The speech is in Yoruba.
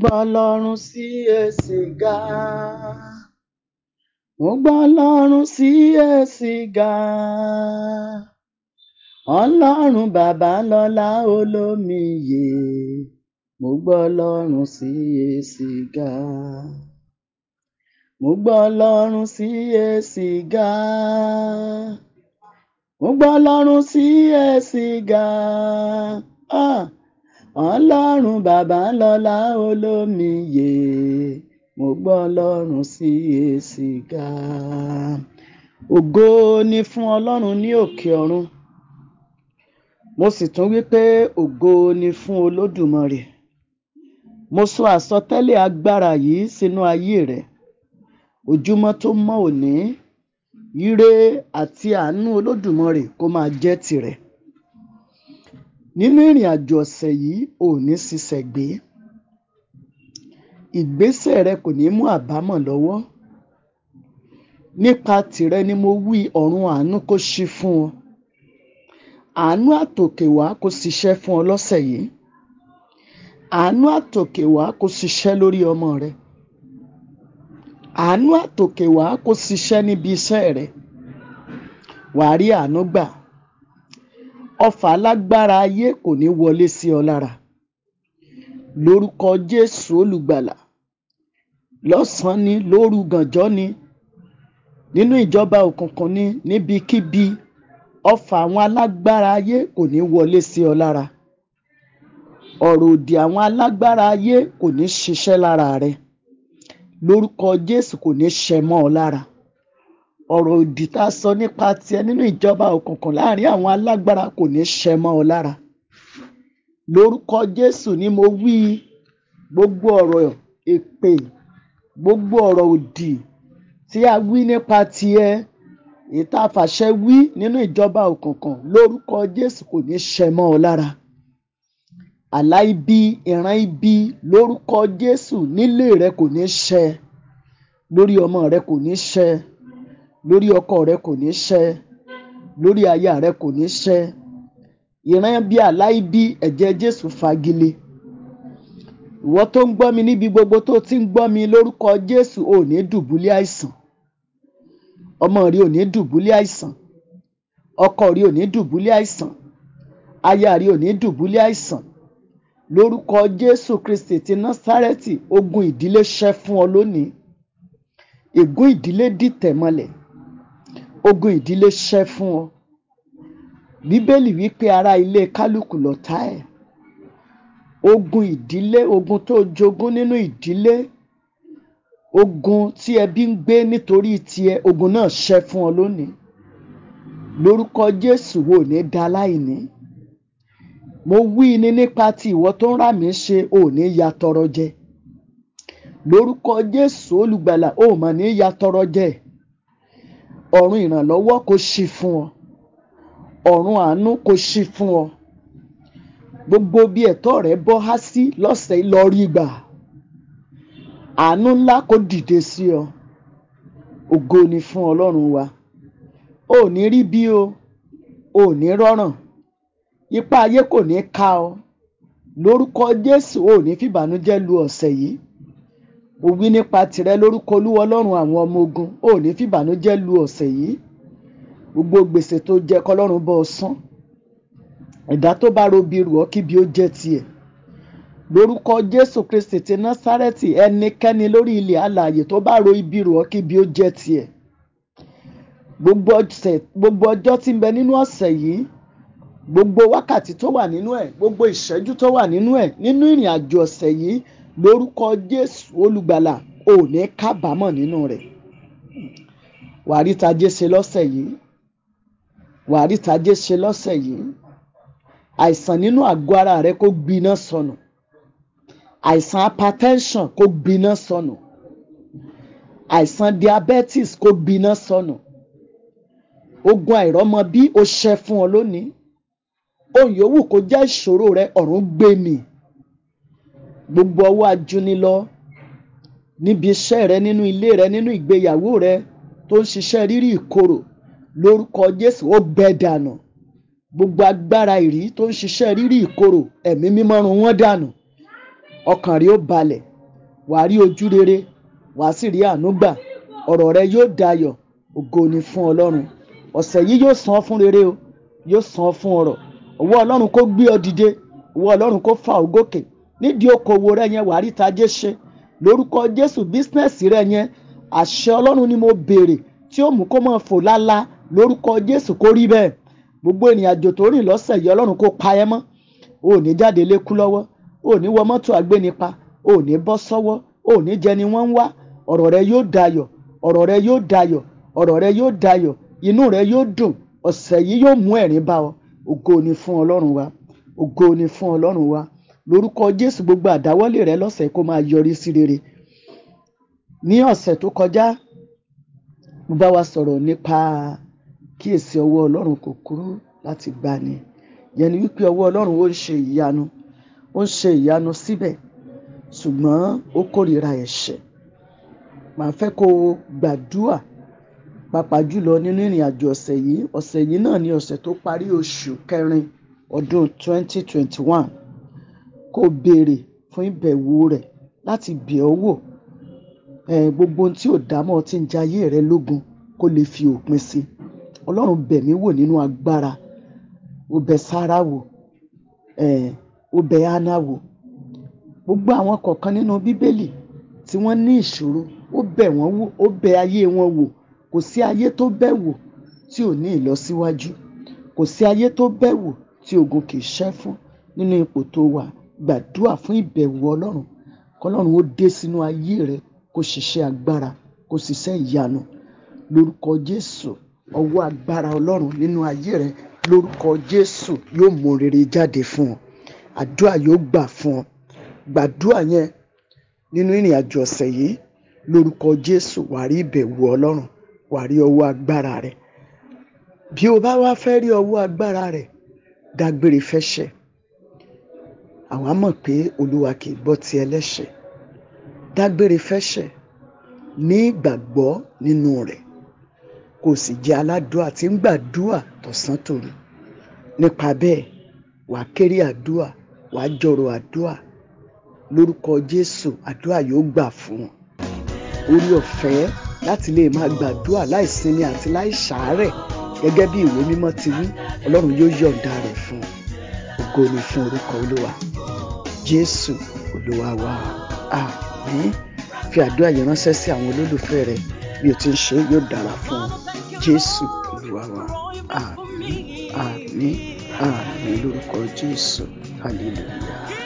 gbọ́lọ́run sí èsì ga. Mo gbọ́lọ́run sí èsì ga. Ọlọ́run bàbá lọ́lá olómiyè. Mo gbọ́lọ́run sí èsì ga. Mo gbọ́lọ́run sí èsì ga. Mo gbọ́lọ́run sí èsì ga. Ah ọlọ́run bàbá lọ́lá olómiyè mo gbọ́ ọlọ́run sí èsì ga ògo ni fún ọlọ́run ní òkè ọ̀run mo sì tún wí pé ògo ni fún olódùmarè mo sọ àsọtẹ́lẹ̀ agbára yìí sínú ayé rẹ ojúmọ́ tó mọ́ òní ire àti àánú olódùmarè kó máa jẹ́ tirẹ̀ Nínú ìrìn àjò ọ̀sẹ̀ yìí, o ò ní sisẹ̀ gbé. Ìgbésẹ̀ rẹ kò ní mú àbámọ̀ lọ́wọ́. Nípa tìrẹ ni mo wí ọ̀run àánú kó ṣí fún ọ. Àánú àtòkè wá kó ṣiṣẹ́ fún ọ lọ́sẹ̀ yìí. Àánú àtòkè wá kó ṣiṣẹ́ lórí ọmọ rẹ. Àánú àtòkè kó ṣiṣẹ́ níbi iṣẹ́ rẹ. Wà rí àánú gbà ọfà lágbára ayé kò ní wọlé sí ọ lára lórúkọ Jésù olùgbàlà lọ́sàn-án ni lóru gànjọ́ ni nínú ìjọba òkùnkùn ni níbikíbi ọfà àwọn alágbára ayé kò ní wọlé sí ọ lára ọ̀rọ̀ òdì àwọn alágbára ayé kò ní ṣiṣẹ́ lára rẹ lórúkọ Jésù kò ní ṣẹ mọ́ ọ lára ọ̀rọ̀ òdì tá a sọ nípa tiẹ̀ nínú ìjọba òkùnkùn láàrin àwọn alágbára kò ní ṣẹ mọ́ ọ lára lórúkọ Jésù ni mo wí gbogbo ọ̀rọ̀ èpè gbogbo ọ̀rọ̀ òdì tí a wí nípa tiẹ̀ ìta fàṣẹ wí nínú ìjọba òkùnkùn lórúkọ Jésù kò ní ṣẹ mọ́ ọ lára àlá ibi ìran ibi lórúkọ Jésù nílé rẹ kò ní ṣẹ lórí ọmọ rẹ kò ní ṣẹ lórí ọkọ rẹ kò ní ṣẹ lórí aya rẹ kò ní ṣẹ ìran bí aláìbí ẹ̀jẹ̀ Jésù fagilé ìwọ tó ń gbọ́ mi níbi gbogbo tó ti ń gbọ́ mi lórúkọ Jésù ò ní dùbúlẹ̀ àìsàn ọmọ rí ò ní dùbúlẹ̀ àìsàn ọkọ rí ò ní dùbúlẹ̀ àìsàn aya rí ò ní dùbúlẹ̀ àìsàn lórúkọ Jésù Kristi ti Násárẹ́tì ogun ìdílé ṣẹ́ fún ọ lónìí ègún ìdílé dìtẹ̀ mọ́lẹ̀ Ogun ìdílé ṣẹ́ fún ọ. Bíbélì wí pé ará ilé kálùkù lọ̀tá ẹ̀. Ogun ìdílé, ogun tó jogún nínú ìdílé, ogun tí ẹbí ń gbé nítorí tiẹ̀, ogun náà ṣẹ́ fún ọ lónìí. Lórúkọ Jésù o ní daláìní. Mo wí ni nípa ti ìwọ tó ń rà mí ṣe, o ya tọrọ jẹ. Lórúkọ Jésù olùgbàlà, o mà ní ya tọrọ jẹ ọ̀run ìrànlọ́wọ́ kó ṣí fún ọ ọ̀run àánú kó ṣí fún ọ gbogbo bí ẹ̀tọ́ rẹ bọ́ há sí lọ́sẹ̀ lọ rí gbà àánú ńlá kó dìde sí ọ ògo ni fún ọlọ́run wa ò ní rí bí o ò ní rọ́ràn ipá ayé kò ní ká ọ lórúkọ Jésù ò ní fìbànújẹ́ lu ọ̀sẹ̀ yìí mo wí nípa tìrẹ lórúkọ olúwa ọlọ́run àwọn ọmọ ogun ò ní fìbànújẹ́ lu ọ̀sẹ̀ yìí gbogbo gbèsè tó jẹ kọlọ́run bọ́ ọ san ẹ̀dá tó bá robi rù ọ́ kíbi ó jẹ́ tiẹ̀ lórúkọ jésù kristi ti násárẹ́tì ẹnikẹ́ni lórí ilẹ̀ alààyè tó bá ro ibi rù ọ́ kíbi ó jẹ́ tiẹ̀ gbogbo ọjọ́ tí ń bẹ nínú ọ̀sẹ̀ yìí gbogbo wákàtí tó wà nínú ẹ̀ gbogbo ìṣẹ́jú tó wà nínú ẹ̀ nínú ìrìn àjò ọ̀sẹ̀ yìí lórúkọ jésù olùgbàlà ò ní kábàámọ̀ nínú rẹ̀ wàá rí tajé ṣe lọ́sẹ̀ yìí wàá rí tajé ṣe lọ́sẹ̀ yìí àìsàn nínú àgọ́ ara rẹ kó gbiná sọnù àìsàn hypertension kó gbiná sọnù àìsàn diabetes kó gbiná sọnù ogun àìrọ́mọ bí o ṣẹ fún ọ lónìí ohun yòówù kó jẹ́ ìṣòro rẹ ọ̀run gbé mì gbogbo ọwọ́ ajúnilọ níbi iṣẹ́ rẹ nínú ilé rẹ nínú ìgbéyàwó rẹ tó ń ṣiṣẹ́ rírí ìkorò lórúkọ Jésù ó bẹ dànù gbogbo agbára ìrí tó ń ṣiṣẹ́ rírí ìkorò ẹ̀mí mímọ́ run wọ́n dànù ọkàn rẹ ó balẹ̀ wàá rí ojú rere wàá sì rí àánú ọ̀rọ̀ rẹ yóò dayọ̀ ògo ni fún Ọlọ́run ọ̀sẹ̀ yìí yóò san fún rere o yóò san fún ọrọ̀ ọwọ́ Ọlọ́run kó gbé ọ dìde ọwọ́ Ọlọ́run kó fà ọ gòkè nídìí okòwò rẹ yẹn wàá rí tajé ṣe lórúkọ jésù bísínẹ́sì rẹ yẹn àṣẹ ọlọ́run ni mo béèrè tí ó mú kó máa fò lálá lórúkọ jésù kó rí bẹ́ẹ̀ gbogbo ìrìn àjò tó rìn lọ́sẹ̀ yìí ọlọ́run kó pa ẹ́ mọ́ ò ní jáde lékú lọ́wọ́ ò ní wọ mọ́tò àgbénipa ò ní bọ́ sọ́wọ́ ò ní jẹ ni wọ́n ń wá ọ̀rọ̀ rẹ yóò dayọ̀ ọ̀rọ̀ rẹ yóò dayọ̀ ọ̀rọ̀ rẹ yóò dayọ̀ inú rẹ yóò dùn ọ̀sẹ̀ yìí yóò mú ẹ̀rín bá ọ ògo ni fún ọlọ́run wa ògo ni fún ọlọ́run wa lórúkọ jésù gbogbo àdáwọ́lé rẹ lọ́sẹ̀ kó máa yọrí sí rere ní ọ̀sẹ̀ tó kọjá mo bá wa sọ̀rọ̀ nípa kíyèsí ọwọ́ ọlọ́run kò kúrú láti gbani yẹn ni wípé ọwọ́ ọlọ́run ó ń ṣe ìyanu ó ń ṣe ìyanu síbẹ̀ ṣùgbọ́n ó kórìíra ẹ̀ṣẹ̀ màá fẹ́ kó o gbàdúà pàápàá jùlọ nínú ìrìn àjò ọ̀sẹ̀ yìí ọ̀sẹ̀ yìí náà ni ọ̀sẹ̀ tó parí oṣù kẹrin ọdún 2021 kó o béèrè fún ìbẹ̀wò rẹ̀ láti bẹ̀ ọ́ wò um gbogbo ohun tí ò dá mọ́ ọ tí ń jẹ ayé rẹ lógun kó lè fi òpin sí i ọlọ́run bẹ̀ mí wò nínú agbára ó bẹ Sárà wò um ó bẹ Hánà wò gbogbo àwọn kọ̀ọ̀kan nínú bíbélì tí wọ́n ní ìṣòro ó bẹ̀ wọ́n wò ó bẹ ayé wọn wò kò sí ayé tó bẹ̀ wò tí ò ní ìlọsíwájú kò sí ayé tó bẹ̀ wò tí ogun kì í ṣẹ́ fún nínú ipò tó wà gbàdúrà fún ìbẹ̀wò ọlọ́run kọlọ́run ó dé sínú ayé rẹ kó ṣiṣẹ́ agbára kó ṣiṣẹ́ ìyanu lórúkọ jésù ọwọ́ agbára ọlọ́run nínú ayé rẹ lórúkọ jésù yóò mú rere jáde fún ọ àdúrà yóò gbà fún ọ gbàdúrà yẹn nínú ìrìn àjò ọ̀sẹ̀ yìí lórúkọ jésù wàá rí ìbẹ̀wò ọlọ́run wàá rí ọwọ́ agbára rẹ bí o bá wá fẹ́ rí ọwọ́ agbára rẹ dágbére fẹ́ṣẹ̀ àwa mọ̀ pé olúwa kì í gbọ́ ti ẹlẹ́ṣẹ̀ dágbére fẹ́ṣẹ̀ ní ìgbàgbọ́ nínú rẹ̀ kò sì jẹ́ aládùúà tí ń gbàdúà tọ̀sán tòru nípa bẹ́ẹ̀ wàá kéré àdúà wàá jọrọ àdúà lórúkọ jésù àdúà yóò gbà fún ọ orí ọ̀fẹ́ láti lè máa gbàdúà láìsinmi àti láìsàárẹ̀ gẹ́gẹ́ bí ìwé mímọ́ ti wí ọlọ́run yóò yọ̀ǹda rẹ̀ fún un fún orúkọ olúwa jésù olúwa wa àmín fi àdúrà yìí ránṣẹ́ sí àwọn olólùfẹ́ rẹ bí o ti ń ṣe yóò dára fún jésù olúwa wa àmín àmín lórúkọ jésù hallelujah.